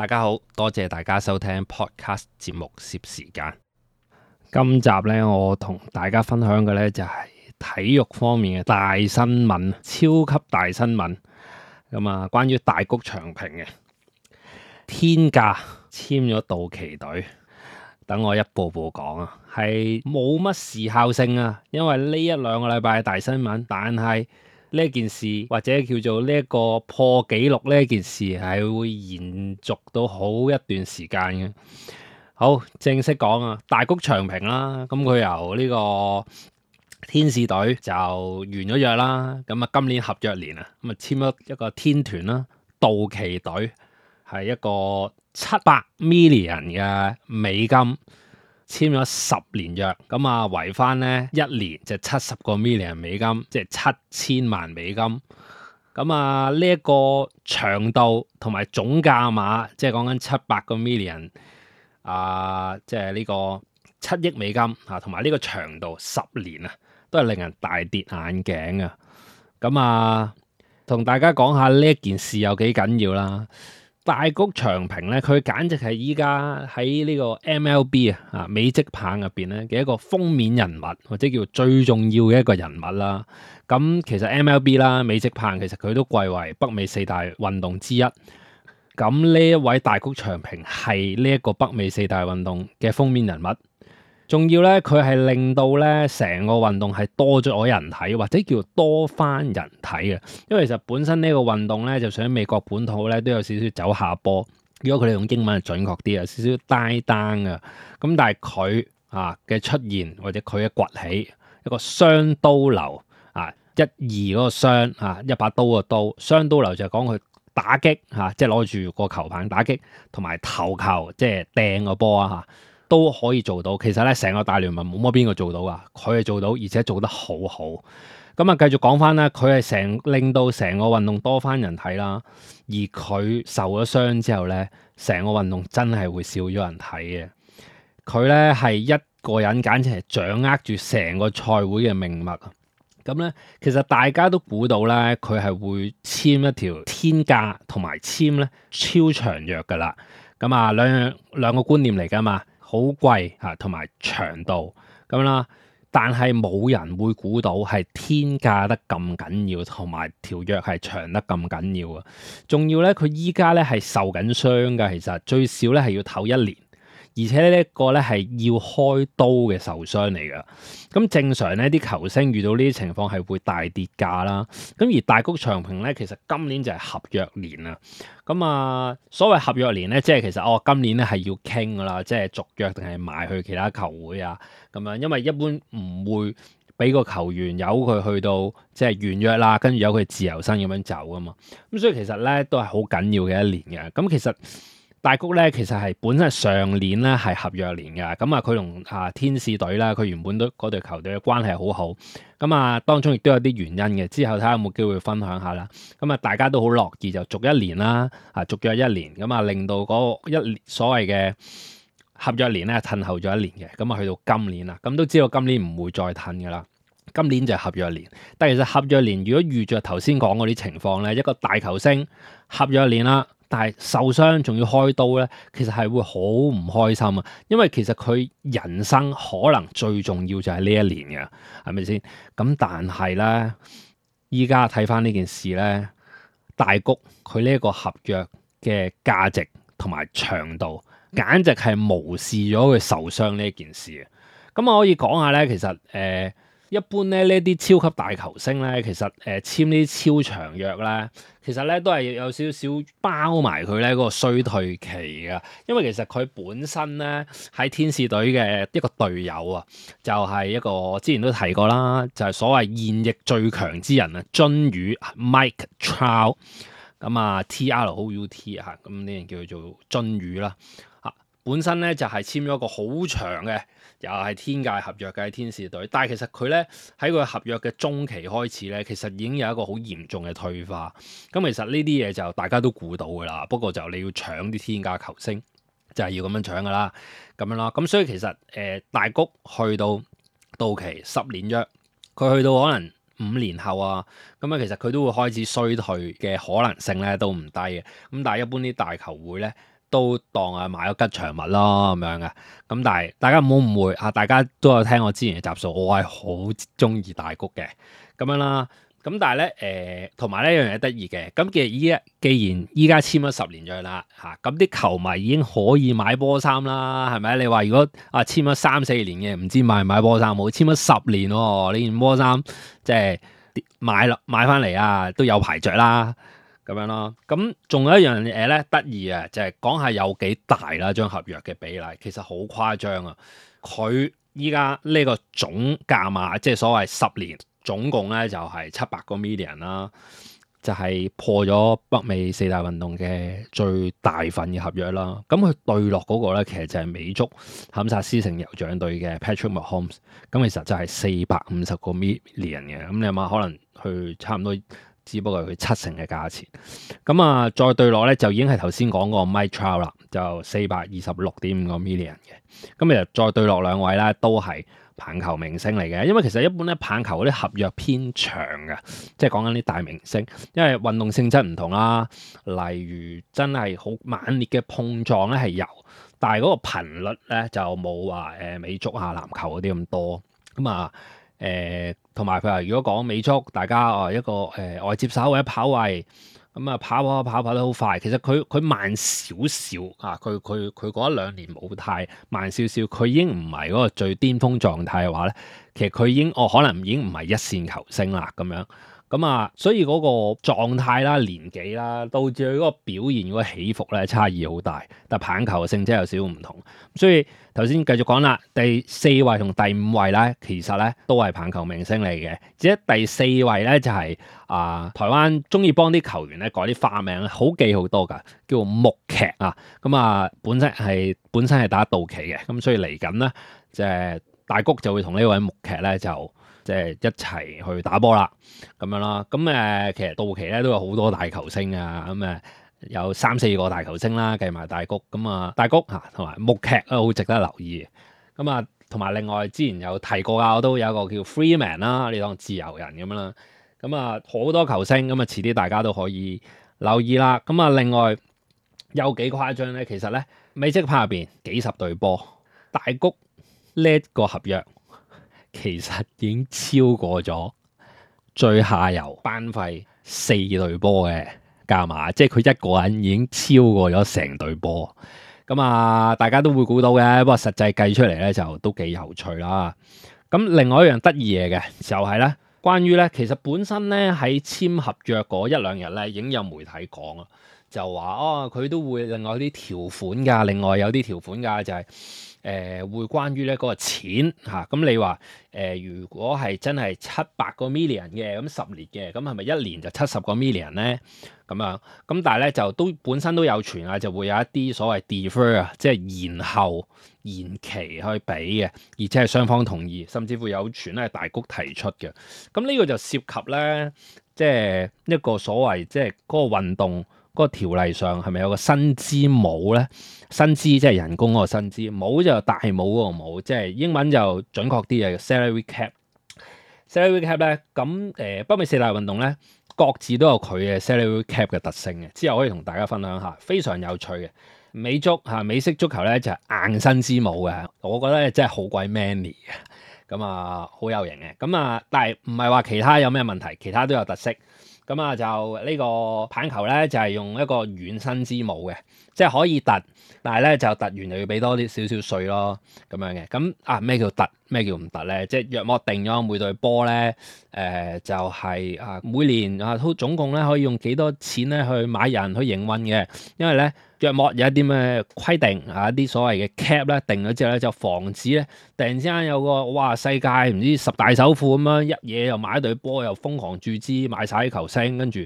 大家好多謝大家收聽 podcast 節目攝時間。今集咧，我同大家分享嘅咧就係、是、體育方面嘅大新聞，超級大新聞。咁、嗯、啊，關於大谷翔平嘅天價簽咗道奇隊，等我一步步講啊，係冇乜時效性啊，因為呢一兩個禮拜嘅大新聞，但係。呢件事或者叫做呢一個破紀錄呢件事係會延續到好一段時間嘅。好，正式講啊，大谷翔平啦，咁佢由呢個天使隊就完咗約啦，咁啊今年合約年啊，咁啊簽咗一個天團啦，道奇隊係一個七百 million 嘅美金。簽咗十年約，咁啊圍返咧一年就七十個 million 美金，即係七千萬美金。咁啊呢一個長度同埋總價碼，即係講緊七百個 million，啊即係呢個七億美金嚇，同埋呢個長度十年啊，都係令人大跌眼鏡啊！咁啊，同大家講下呢一件事有幾緊要啦。大谷翔平咧，佢簡直係依家喺呢個 MLB 啊，啊美職棒入邊咧嘅一個封面人物，或者叫最重要嘅一個人物啦。咁、嗯、其實 MLB 啦、啊，美職棒其實佢都貴為北美四大運動之一。咁、嗯、呢一位大谷翔平係呢一個北美四大運動嘅封面人物。仲要咧，佢係令到咧成個運動係多咗人睇，或者叫多翻人睇嘅。因為其實本身呢個運動咧，就想美國本土咧都有少少走下坡。如果佢哋用英文係準確啲，有少少 down down 嘅。咁但係佢啊嘅出現，或者佢嘅崛起，一個雙刀流啊，一二嗰個雙，一把刀嘅刀，雙刀流就係講佢打擊啊，即係攞住個球棒打擊，同埋投球，即係掟個波啊嚇。都可以做到，其實咧成個大聯盟冇乜邊個做到啊。佢係做到，而且做得好好。咁啊，繼續講翻咧，佢係成令到成個運動多翻人睇啦。而佢受咗傷之後咧，成個運動真係會少咗人睇嘅。佢咧係一個人簡直係掌握住成個賽會嘅命脈。咁咧，其實大家都估到咧，佢係會簽一條天價同埋簽咧超長約噶啦。咁啊，兩兩個觀念嚟噶嘛。好貴吓，同埋長度咁啦，但係冇人會估到係天價得咁緊要，同埋條約係長得咁緊要啊！仲要咧，佢依家咧係受緊傷嘅，其實最少咧係要唞一年。而且呢一個咧係要開刀嘅受傷嚟㗎，咁正常咧啲球星遇到呢啲情況係會大跌價啦。咁而大谷翔平咧，其實今年就係合約年啦。咁啊，所謂合約年咧，即係其實我、哦、今年咧係要傾㗎啦，即係續約定係賣去其他球會啊咁樣，因為一般唔會俾個球員由佢去到即係、就是、完約啦，跟住由佢自由身咁樣走㗎嘛。咁所以其實咧都係好緊要嘅一年嘅。咁其實。大谷咧，其實係本身上年咧係合約年嘅，咁、嗯、啊佢同啊天使隊啦，佢原本都嗰隊球隊嘅關係好好，咁、嗯、啊當中亦都有啲原因嘅，之後睇下有冇機會分享下啦。咁、嗯、啊大家都好樂意就續一年啦，啊續約一年，咁、嗯、啊令到嗰一所謂嘅合約年咧褪後咗一年嘅，咁啊去到今年啦，咁、嗯、都知道今年唔會再褪㗎啦，今年就係合約年。但其實合約年如果遇着頭先講嗰啲情況咧，一個大球星合約年啦。啊啊啊啊但係受傷仲要開刀咧，其實係會好唔開心啊！因為其實佢人生可能最重要就係呢一年嘅，係咪先？咁但係咧，依家睇翻呢件事咧，大谷佢呢一個合約嘅價值同埋長度，簡直係無視咗佢受傷呢一件事啊！咁、嗯、我、嗯、可以講下咧，其實誒、呃，一般咧呢啲超級大球星咧，其實誒、呃、簽呢啲超長約咧。其實咧都係有少少包埋佢咧嗰個衰退期嘅，因為其實佢本身咧喺天使隊嘅一個隊友啊，就係、是、一個我之前都提過啦，就係、是、所謂現役最強之人 ow，啊，鱒魚 Mike Trout，咁啊 T R O U T 嚇，咁啲人叫做鱒魚啦，嚇、啊，本身咧就係簽咗一個好長嘅。又係天價合約嘅天使隊，但係其實佢咧喺個合約嘅中期開始咧，其實已經有一個好嚴重嘅退化。咁其實呢啲嘢就大家都估到㗎啦。不過就你要搶啲天價球星，就係、是、要咁樣搶㗎啦，咁樣咯。咁所以其實誒、呃、大谷去到到期十年約，佢去到可能五年後啊，咁啊其實佢都會開始衰退嘅可能性咧都唔低嘅。咁但係一般啲大球會咧。都當啊買咗吉祥物咯咁樣嘅，咁但係大家唔好誤會嚇，大家都有聽我之前嘅集數，我係好中意大谷嘅咁樣啦。咁但係咧誒，同、呃、埋呢樣嘢得意嘅，咁其實依家，既然依家簽咗十年約啦嚇，咁啲球迷已經可以買波衫啦，係咪？你話如果啊簽咗三四年嘅，唔知買唔買波衫冇？簽咗十年喎，你件波衫即係買啦，買翻嚟啊都有排著啦。咁樣咯，咁仲有一樣嘢咧得意啊，就係講下有幾大啦，張合約嘅比例其實好誇張啊！佢依家呢個總價碼，即係所謂十年總共咧就係七百個 million 啦，就係破咗北美四大運動嘅最大份嘅合約啦。咁佢對落嗰個咧，其實就係美足堪薩斯城酋長隊嘅 Patrick Mahomes，咁其實就係四百五十個 million 嘅。咁你諗下，可能去差唔多。只不過佢七成嘅價錢，咁啊再對落咧就已經係頭先講嗰個 Mike Trout 啦，就四百二十六點五個 million 嘅，咁其實再對落兩位咧都係棒球明星嚟嘅，因為其實一般咧棒球嗰啲合約偏長嘅，即係講緊啲大明星，因為運動性質唔同啦，例如真係好猛烈嘅碰撞咧係有，但係嗰個頻率咧就冇話誒美足啊籃球嗰啲咁多，咁啊。誒同埋佢話，呃、如果講美足，大家哦一個誒、呃、外接手或者跑位，咁啊跑跑，跑跑跑跑得好快。其實佢佢慢少少啊，佢佢佢嗰一兩年冇太慢少少，佢已經唔係嗰個最巔峰狀態嘅話咧，其實佢已經哦可能已經唔係一線球星啦咁樣。咁啊，所以嗰個狀態啦、年紀啦，導致佢嗰個表現嗰起伏咧，差異好大。但棒球性質有少少唔同，所以頭先繼續講啦。第四位同第五位咧，其實咧都係棒球明星嚟嘅。只係第四位咧就係、是、啊、呃，台灣中意幫啲球員咧改啲花名，好記好多㗎，叫做木劇啊。咁啊，本身係本身係打盜棋嘅，咁所以嚟緊咧就係、是、大谷就會同呢位木劇咧就。即係一齊去打波啦，咁樣咯。咁誒，其實到期咧都有好多大球星啊。咁、嗯、誒，有三四個大球星啦，計埋大谷咁啊，大谷嚇同埋木劇都好值得留意。咁啊，同埋另外之前有提過啊，我都有一個叫 Freeman 啦、啊，你當自由人咁啦。咁啊，好多球星咁啊，遲啲大家都可以留意啦。咁啊，另外有幾誇張咧，其實咧美職棒入邊幾十隊波，大谷呢個合約。其實已經超過咗最下游班費四隊波嘅價碼，即係佢一個人已經超過咗成隊波。咁、嗯、啊，大家都會估到嘅，不過實際計出嚟咧，就都幾有趣啦。咁、嗯、另外一樣得意嘢嘅就係、是、咧，關於咧，其實本身咧喺簽合約嗰一兩日咧，已經有媒體講啦，就話哦，佢都會另外啲條款㗎，另外有啲條款㗎就係、是。誒會關於咧嗰個錢吓，咁、啊、你話誒、呃、如果係真係七百個 million 嘅，咁十年嘅，咁係咪一年就七十個 million 咧？咁樣咁但係咧就都本身都有傳啊，就會有一啲所謂 defer 啊，即係延後延期去俾嘅，而且係雙方同意，甚至會有傳咧係大谷提出嘅。咁呢個就涉及咧，即係一個所謂即係嗰個運動。個條例上係咪有個薪資帽咧？薪資即係人工嗰個薪資帽，就大帽嗰個帽，即係英文就準確啲嘅 salary cap。salary cap 咧，咁誒，北美四大運動咧，各自都有佢嘅 salary cap 嘅特性嘅，之後可以同大家分享下，非常有趣嘅。美足嚇美式足球咧就係硬薪資帽嘅，我覺得真係好鬼 manly 嘅，咁啊好有型嘅，咁啊但係唔係話其他有咩問題，其他都有特色。咁啊，就呢個棒球咧，就係、是、用一個軟身之舞嘅，即係可以突，但係咧就突完又要俾多啲少少稅咯，咁樣嘅。咁啊，咩叫突？咩叫唔突咧？即係約莫定咗每隊波咧，誒、呃、就係、是、啊每年啊總共咧可以用幾多錢咧去買人去營運嘅，因為咧。約莫有一啲咩規定啊，一啲所謂嘅 cap 咧定咗之後咧，就防止咧突然之間有個哇世界唔知十大首富咁樣一嘢又買一對波又瘋狂注資買晒啲球星，跟住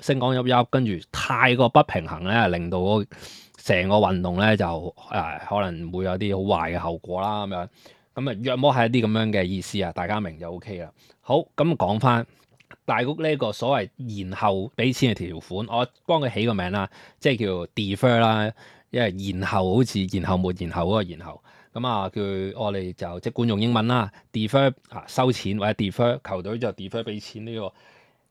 星光熠熠，跟住太過不平衡咧，令到成個運動咧就誒可能會有啲好壞嘅後果啦咁樣。咁啊約莫係一啲咁樣嘅意思啊，大家明就 OK 啦。好，咁講翻。大谷呢個所謂延後俾錢嘅條款，我幫佢起個名啦，即係叫 defer 啦，因為延後好似延後沒延後嗰個延後，咁啊叫我哋就即管用英文啦，defer 啊收錢或者 defer 球隊就 defer 俾錢呢個誒呢、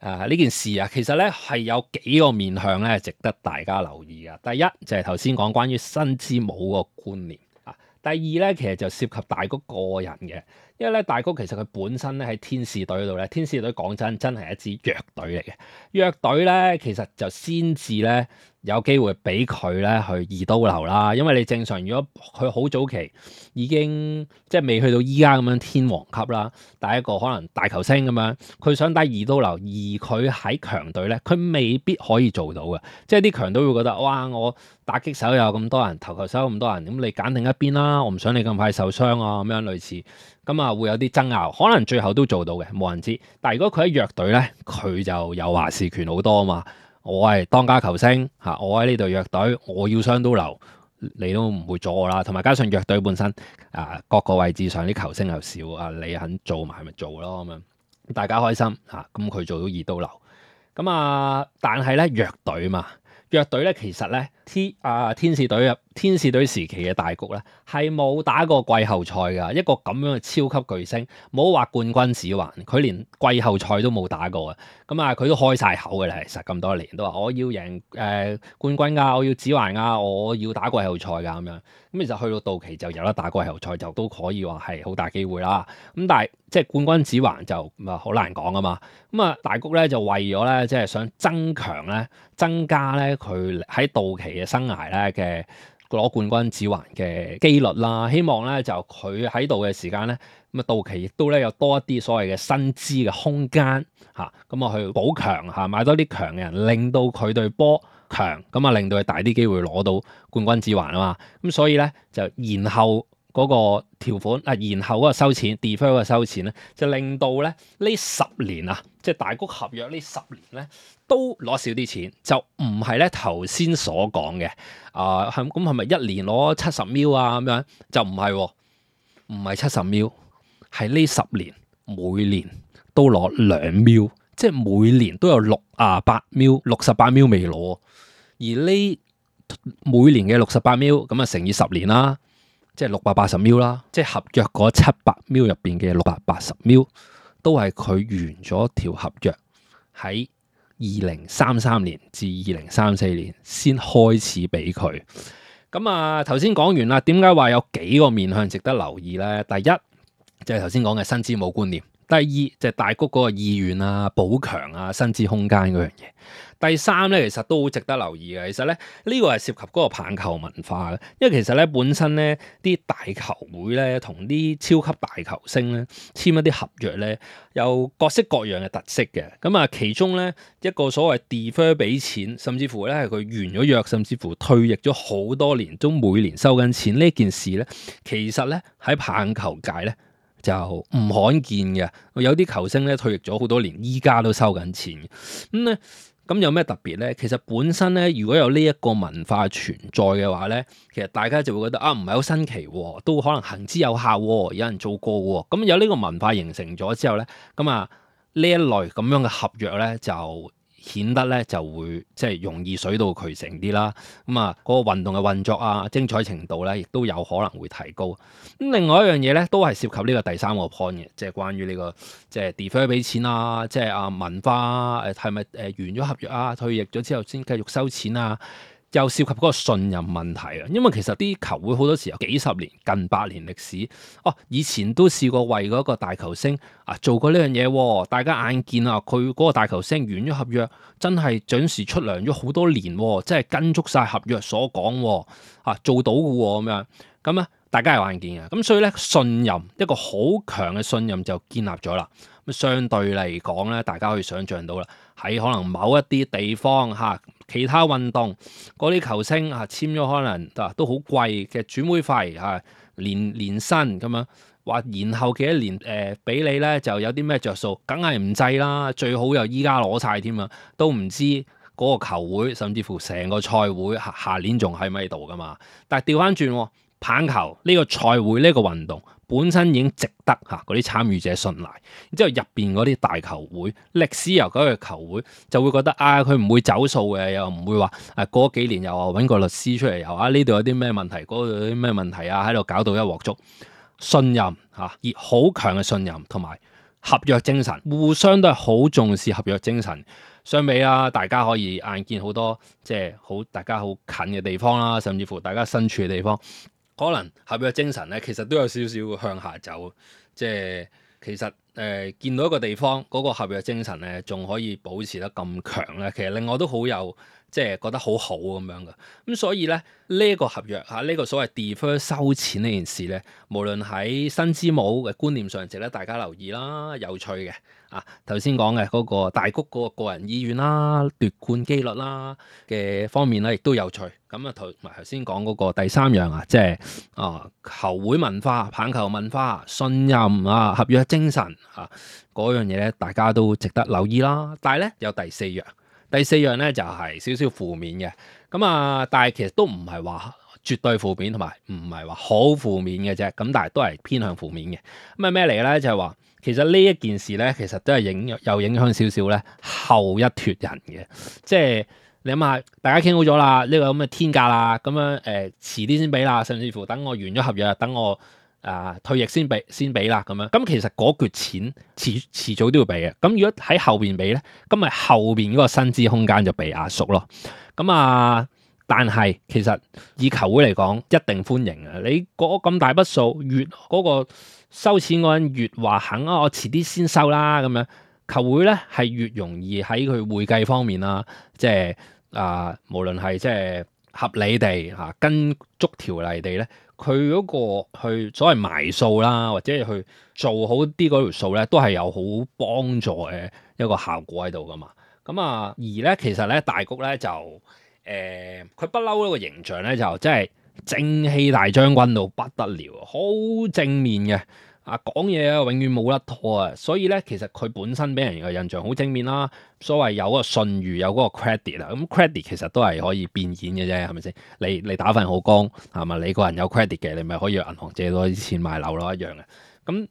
啊、件事啊，其實咧係有幾個面向咧值得大家留意啊。第一就係頭先講關於新之母個觀念啊，第二咧其實就涉及大谷個人嘅。因為咧，大谷其實佢本身咧喺天使隊度咧，天使隊講真，真係一支弱隊嚟嘅。弱隊咧，其實就先至咧有機會俾佢咧去二刀流啦。因為你正常，如果佢好早期已經即係未去到依家咁樣天王級啦，第一個可能大球星咁樣，佢想打二刀流，而佢喺強隊咧，佢未必可以做到嘅。即係啲強隊會覺得哇，我打擊手有咁多人，投球手咁多人，咁你揀定一邊啦，我唔想你咁快受傷啊，咁樣類似。咁啊、嗯，會有啲爭拗，可能最後都做到嘅，冇人知。但係如果佢喺弱隊呢，佢就有話事權好多啊嘛。我係當家球星嚇，我喺呢度弱隊，我要雙刀流，你都唔會阻我啦。同埋加上弱隊本身啊，各個位置上啲球星又少啊，你肯做埋咪做咯咁樣，大家開心嚇。咁、啊、佢做到二刀流，咁、嗯、啊，但係呢，弱隊嘛，弱隊呢，其實呢。天啊！天使隊啊！天使隊時期嘅大谷咧，係冇打過季後賽㗎。一個咁樣嘅超級巨星，冇話冠軍指環，佢連季後賽都冇打過啊！咁、嗯、啊，佢都開晒口嘅啦。其實咁多年都話我要贏誒、呃、冠軍啊，我要指環啊，我要打季後賽㗎咁樣。咁、嗯、其實去到道奇就有得打季後賽，就都可以話係好大機會啦。咁、嗯、但係即係冠軍指環就咪好、嗯、難講啊嘛。咁、嗯、啊，大谷咧就為咗咧即係想增強咧、增加咧佢喺道奇生涯咧嘅攞冠軍指環嘅機率啦，希望咧就佢喺度嘅時間咧，咁啊到期亦都咧有多一啲所謂嘅薪資嘅空間嚇，咁啊去補強嚇，買多啲強嘅人，令到佢對波強，咁啊令到佢大啲機會攞到冠軍指環啊嘛，咁所以咧就然後，嗰個條款啊，然後嗰個收錢 defer 嘅收錢咧，就令到咧呢十年啊，即係大谷合約呢十年咧，都攞少啲錢，就唔係咧頭先所講嘅啊，咁咁係咪一年攞七十秒啊咁樣？就唔係啊，唔係七十秒，係呢十年每年都攞兩秒，即係每年都有六啊八秒，六十八秒未攞，而呢每年嘅六十八秒咁啊乘以十年啦。即係六百八十秒啦，即係合約嗰七百秒入邊嘅六百八十秒，都係佢完咗條合約喺二零三三年至二零三四年先開始俾佢。咁啊，頭先講完啦，點解話有幾個面向值得留意呢？第一就係頭先講嘅新支付觀念。第二就係、是、大谷嗰個意願啊，補強啊、薪資空間嗰樣嘢。第三咧，其實都好值得留意嘅。其實咧，呢個係涉及嗰個棒球文化，因為其實咧本身咧啲大球會咧同啲超級大球星咧簽一啲合約咧，有各式各樣嘅特色嘅。咁啊，其中咧一個所謂 defer 俾錢，甚至乎咧係佢完咗約，甚至乎退役咗好多年都每年收緊錢呢件事咧，其實咧喺棒球界咧。就唔罕見嘅，有啲球星咧退役咗好多年，依家都收緊錢嘅。咁咧，咁有咩特別咧？其實本身咧，如果有呢一個文化存在嘅話咧，其實大家就會覺得啊，唔係好新奇喎，都可能行之有效喎，有人做過喎、哦。咁有呢個文化形成咗之後咧，咁啊呢一類咁樣嘅合約咧就。顯得咧就會即係容易水到渠成啲啦，咁啊嗰個運動嘅運作啊，精彩程度咧亦都有可能會提高。咁另外一樣嘢咧，都係涉及呢個第三個 point 嘅，即係關於呢個即係 defer 俾錢啊，即係啊文化誒係咪誒完咗合約啊，退役咗之後先繼續收錢啊。又涉及嗰個信任問題啊，因為其實啲球會好多時候幾十年、近百年歷史，哦、啊，以前都試過為嗰個大球星啊做過呢樣嘢，大家眼見啊，佢嗰個大球星完咗合約，真係準時出糧咗好多年，即、啊、係跟足晒合約所講，啊做到嘅喎，咁、啊、樣咁咧、啊，大家係眼見嘅，咁、啊、所以呢，信任一個好強嘅信任就建立咗啦。咁、啊、相對嚟講呢，大家可以想像到啦，喺可能某一啲地方嚇。其他運動嗰啲球星啊，簽咗可能、啊、都好貴嘅轉會費啊，年年薪咁樣，話然後幾多年誒俾、呃、你咧就有啲咩着數，梗係唔制啦，最好又依家攞晒添啊，都唔知嗰個球會甚至乎成個賽會下、下年仲喺咪度㗎嘛，但係調翻轉棒球呢、呢個賽會呢、呢個運動。本身已經值得嚇嗰啲參與者信賴，然之後入邊嗰啲大球會、歷史悠久嘅球會就會覺得啊，佢唔會走數嘅，又唔會話誒過幾年又揾個律師出嚟又啊，呢度有啲咩問題，嗰度有啲咩問題啊，喺度搞到一鑊粥，信任嚇而好強嘅信任同埋合約精神，互相都係好重視合約精神。相比啦、啊，大家可以眼見好多即係好大家好近嘅地方啦、啊，甚至乎大家身處嘅地方。可能合約精神咧，其實都有少少向下走。即係其實誒、呃，見到一個地方嗰、嗰個合約精神咧，仲可以保持得咁強咧，其實另外都好有。即係覺得好好咁樣嘅，咁所以咧呢、這個合約嚇呢、啊這個所謂 defer 收錢呢件事咧，無論喺薪資帽嘅觀念上頭咧，值得大家留意啦，有趣嘅啊頭先講嘅嗰個大谷個個人意願啦、奪冠機率啦嘅方面咧，亦都有趣。咁啊頭埋頭先講嗰個第三樣啊，即係啊球會文化、棒球文化、信任啊、合約精神嚇嗰、啊、樣嘢咧，大家都值得留意啦。但係咧有第四樣。第四樣咧就係、是、少少負面嘅，咁啊，但係其實都唔係話絕對負面，同埋唔係話好負面嘅啫，咁但係都係偏向負面嘅。咁係咩嚟嘅咧？就係、是、話其實呢一件事咧，其實都係影又影響少少咧後一脫人嘅，即係你諗下，大家傾好咗啦，呢個咁嘅天價啦，咁樣誒、呃、遲啲先俾啦，甚至乎等我完咗合約，等我。啊！退役先俾先俾啦，咁樣咁其實嗰橛錢遲、遲早都要俾嘅。咁如果喺後邊俾咧，咁咪後邊嗰個薪資空間就被壓縮咯。咁、嗯、啊，但係其實以球會嚟講，一定歡迎啊！你攞咁大筆數，越嗰、嗰個收錢嗰陣越話肯啊，我遲啲先收啦咁樣。球會咧係越容易喺佢會計方面啦，即、就、係、是、啊，無論係即係合理地嚇、啊、跟足條例地咧。佢嗰個去所謂埋數啦，或者去做好啲嗰條數咧，都係有好幫助嘅一個效果喺度噶嘛。咁啊，而咧其實咧大谷咧就誒，佢不嬲嗰個形象咧就真係正氣大將軍到不得了，好正面嘅。啊講嘢啊，永遠冇得拖啊，所以咧，其實佢本身俾人嘅印象好正面啦。所謂有嗰個信譽，有嗰個 credit 啦、嗯。咁 credit 其實都係可以變現嘅啫，係咪先？你你打份好工係咪？你個人有 credit 嘅，你咪可以銀行借多啲錢買樓咯，一樣嘅。咁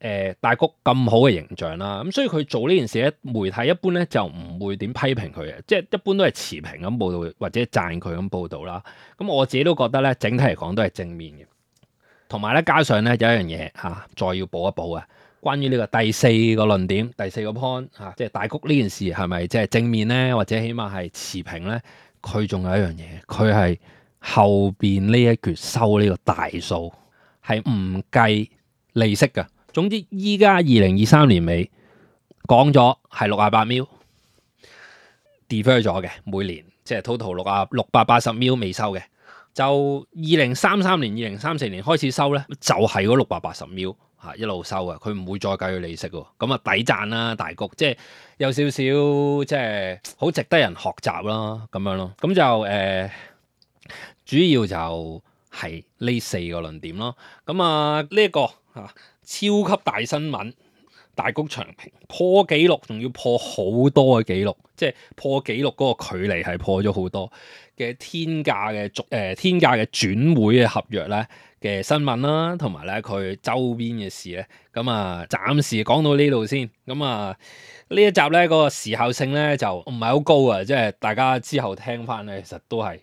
誒大谷咁好嘅形象啦，咁、啊嗯、所以佢做呢件事，媒體一般咧就唔會點批評佢嘅，即係一般都係持平咁報導，或者讚佢咁報導啦。咁、嗯、我自己都覺得咧，整體嚟講都係正面嘅。同埋咧，加上咧有一樣嘢嚇，再要補一補啊！關於呢個第四個論點、第四個 point 嚇，即、啊、係、啊、大谷呢件事係咪即係正面咧，或者起碼係持平咧？佢仲有一樣嘢，佢係後邊呢一橛收呢個大數係唔計利息嘅。總之，依家二零二三年尾講咗係六啊八 mil defer 咗嘅，每年即係、就是、total 六啊六百八十 mil 未收嘅。就二零三三年、二零三四年開始收呢，就係嗰六百八十秒嚇一路收嘅，佢唔會再計佢利息喎。咁啊抵讚啦，大谷，即係有少少即係好值得人學習啦咁樣咯。咁就誒、呃、主要就係呢四個論點咯。咁啊呢一、呢個、啊、超級大新聞，大谷翔平破紀錄，仲要破好多嘅紀錄，即係破紀錄嗰個距離係破咗好多。嘅天價嘅逐誒天價嘅轉會嘅合約咧嘅新聞啦、啊，同埋咧佢周邊嘅事咧，咁啊暫時講到呢度先。咁啊呢一集咧嗰、嗰個時效性咧就唔係好高啊，即係大家之後聽翻咧，其實都係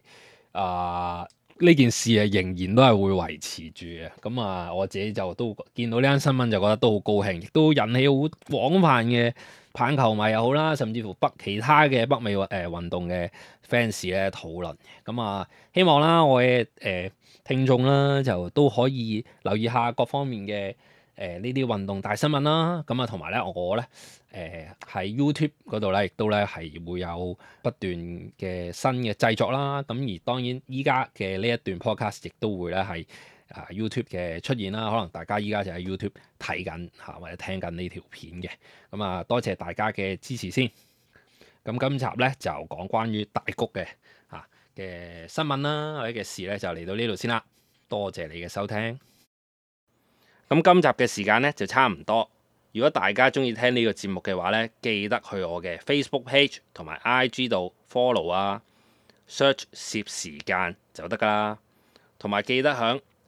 啊呢件事啊仍然都係會維持住嘅。咁啊我自己就都見到呢單新聞就覺得都好高興，亦都引起好廣泛嘅棒球迷又好啦，甚至乎北其他嘅北美誒運動嘅 fans 咧討論，咁啊希望啦我嘅誒、呃、聽眾啦就都可以留意下各方面嘅誒呢啲運動大新聞啦。咁啊同埋咧我咧誒喺、呃、YouTube 度咧亦都咧係會有不斷嘅新嘅製作啦，咁而當然依家嘅呢一段 podcast 亦都會咧係。YouTube 嘅出現啦，可能大家依家就喺 YouTube 睇緊吓或者聽緊呢條片嘅咁啊，多謝大家嘅支持先。咁今集呢，就講關於大谷嘅吓嘅新聞啦，或者嘅事呢，就嚟到呢度先啦。多謝你嘅收聽。咁今集嘅時間呢，就差唔多。如果大家中意聽呢個節目嘅話呢，記得去我嘅 Facebook page 同埋 IG 度 follow 啊，search 攝時間就得㗎喇，同埋記得響。